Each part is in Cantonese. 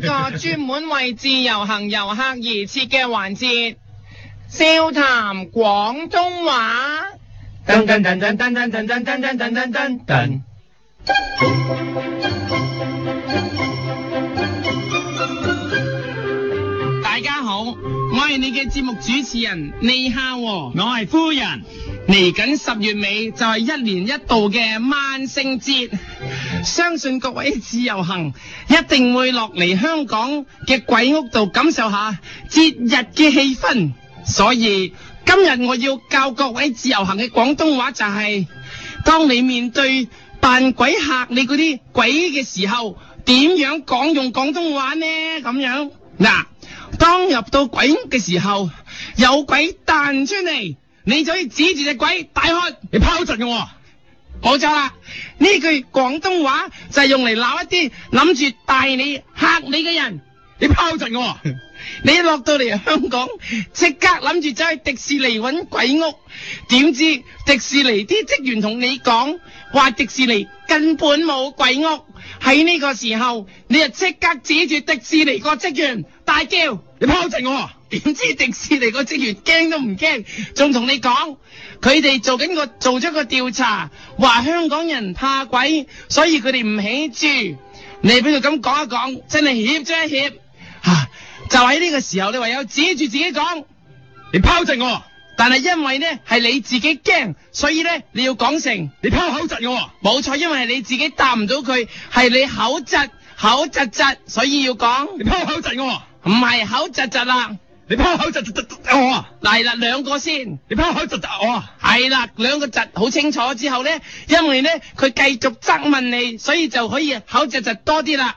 一個專門為自由行遊客而設嘅環節，笑談廣東話。大家好，我係你嘅節目主持人尼哈，我係夫人。嚟緊十月尾就係、是、一年一度嘅萬聖節。相信各位自由行一定會落嚟香港嘅鬼屋度感受下節日嘅氣氛，所以今日我要教各位自由行嘅廣東話就係、是：當你面對扮鬼嚇你嗰啲鬼嘅時候，點樣講用廣東話呢？咁樣嗱，當入到鬼屋嘅時候，有鬼彈出嚟，你就可以指住隻鬼大開，你拋出我。冇錯啦，呢句廣東話就係用嚟鬧一啲諗住大你、吓你嘅人。.你拋擲我、啊， 你落到嚟香港，即刻諗住走去迪士尼揾鬼屋，點知迪士尼啲職員同你講，話迪士尼根本冇鬼屋。喺呢個時候，你就即刻指住迪士尼個職員大叫：你拋擲我、啊！點知迪士尼個職員驚都唔驚，仲同你講，佢哋做緊個做咗個調查，話香港人怕鬼，所以佢哋唔起住。你俾佢咁講一講，真係險啫險。就喺呢個時候，你唯有指住自己講，你拋窒我。但係因為呢係你自己驚，所以呢你要講成，你拋口窒我。冇錯，因為你自己答唔到佢，係你口窒口窒窒，所以要講，你拋口窒我。唔係口窒窒啦，你拋口窒窒我。嗱嚟啦，兩個先，你拋口窒窒我。係啦，兩個窒好清楚之後呢，因為呢佢繼續質問你，所以就可以口窒窒多啲啦。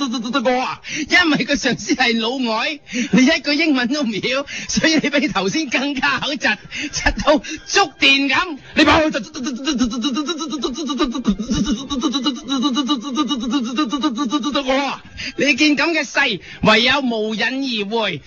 哥啊、哦，因為個上司係老外，你一句英文都唔曉，所以你比頭先更加口窒，窒到觸電咁。你把我就、哦，你見咁嘅勢，唯有無隱而回，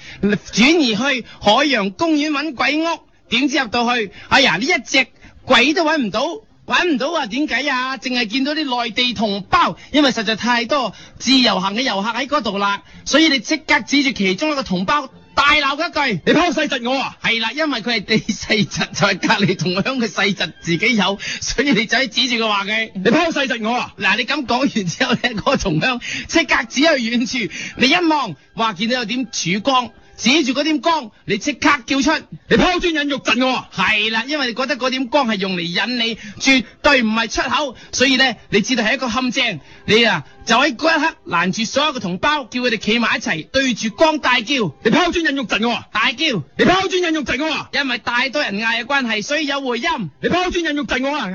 轉而去海洋公園揾鬼屋。點知入到去，哎呀，呢一隻鬼都揾唔到。搵唔到啊？點解啊？淨係見到啲內地同胞，因為實在太多自由行嘅遊客喺嗰度啦，所以你即刻指住其中一個同胞大鬧一句：你拋細窒我啊！係啦，因為佢係地細窒就係、是、隔籬同鄉嘅細窒自己有，所以你就喺指住佢話嘅你拋細窒我啊！嗱、啊，你咁講完之後，你、那、嗰個同鄉即刻指去遠處，你一望話見到有點曙光。指住嗰點光，你即刻叫出，你拋磚引玉陣嘅喎。係啦，因為你覺得嗰點光係用嚟引你，絕對唔係出口，所以咧，你知道係一個陷阱。你啊，就喺嗰一刻攔住所有嘅同胞，叫佢哋企埋一齊，對住光大叫，你拋磚引玉陣嘅、啊、大叫，你拋磚引玉陣嘅、啊、因為大多人嗌嘅關係，所以有回音。你拋磚引玉陣我啦、啊，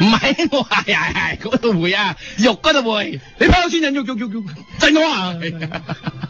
唔 係， 我嗌係係嗰度回啊，肉嗰度回，你拋磚引玉叫叫叫陣我啊。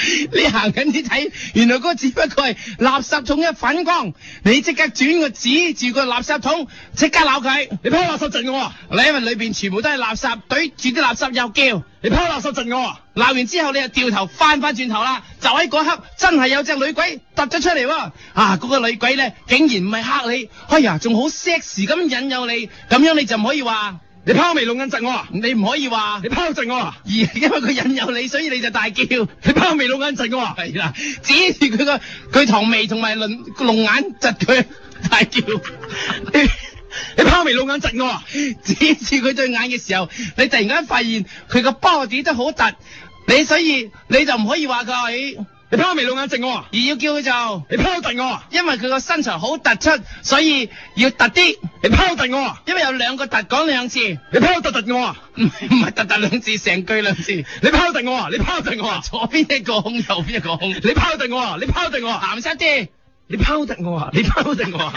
你行緊啲睇，原來嗰個只不過係垃圾桶嘅反光，你即刻轉個指住個垃圾桶，即刻鬧佢，你拋垃圾陣嘅喎、哦，你因為裏邊全部都係垃圾，懟住啲垃圾又叫，你拋垃圾陣嘅喎、哦，鬧完之後你又掉頭翻翻轉頭啦，就喺嗰刻真係有隻女鬼突咗出嚟，啊，嗰、那個女鬼咧竟然唔係吓你，哎呀，仲好 sexy 咁引誘你，咁樣你就唔可以話。你拋眉弄眼窒我啊！你唔可以話你拋窒我啊！而因為佢引誘你，所以你就大叫。你拋眉弄眼窒我啊！係啊，指住佢個佢堂眉同埋龍龍眼窒佢大叫。 你拋眉弄眼窒我啊！指住佢對眼嘅時候，你突然間發現佢個波子都好凸，你所以你就唔可以話佢。哎你拋眉露眼，整我啊！而要叫佢就，你拋突我啊！因為佢個身材好突出，所以要突啲。你拋突我啊！因為有兩個突，講兩次。你拋突突我啊！唔唔係突突兩次，成句兩次。你拋突我啊！你拋突我啊！左邊一個空，右邊一個空。你拋突我啊！你拋突我啊！鹹濕啲，你拋突我啊！你拋突我啊！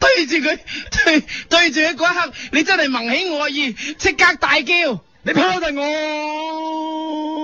對住佢，對對住佢嗰一刻，你真係萌起我意，即刻大叫，你拋突我！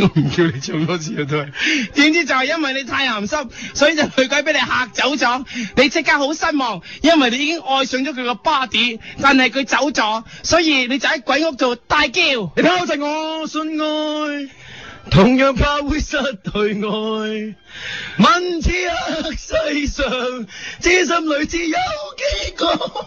我唔叫你唱多次都係，點知就係因為你太鹹濕，所以隻女鬼俾你嚇走咗。你即刻好失望，因為你已經愛上咗佢個 body，但係佢走咗，所以你就喺鬼屋度大叫。你拋棄我信愛，同樣拋失對愛。文字啊，世上知心女子有幾個？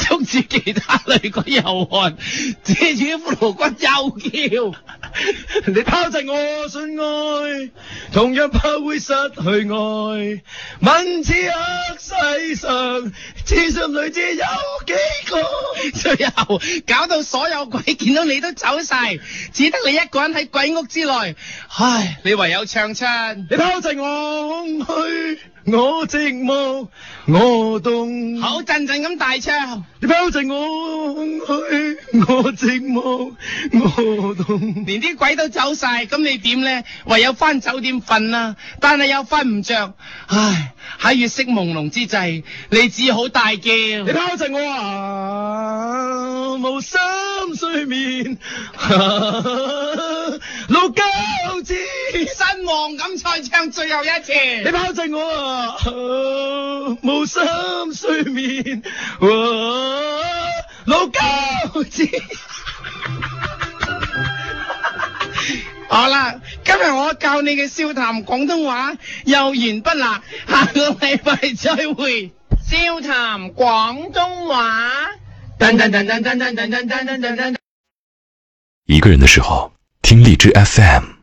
縱使其他女鬼又寒，至此骷髏骨又叫。 你拋棄我，信愛，同樣怕會失去愛。問此刻世上，痴心女子有幾個？最後搞到所有鬼見到你都走晒， 只得你一個人喺鬼屋之內。唉，你唯有唱唱， 你拋棄我，空虛。我寂寞，我凍。好陣陣咁大唱，你抱緊我我寂寞，我凍。我連啲鬼都走晒，咁你點咧？唯有返酒店瞓啦，但係又瞓唔着，唉！喺月色朦朧之際，你只好大叫，你抱緊我 啊，無心睡眠，老、啊、高失望，噉再唱最後一次。你拋棄我啊，啊！無心睡眠，啊、老高， 好啦，今日我教你嘅笑談廣東話，又言不啦？下個禮拜再會，笑談廣東話。等等等等等等等等等等。一個人嘅時候，聽荔枝 FM。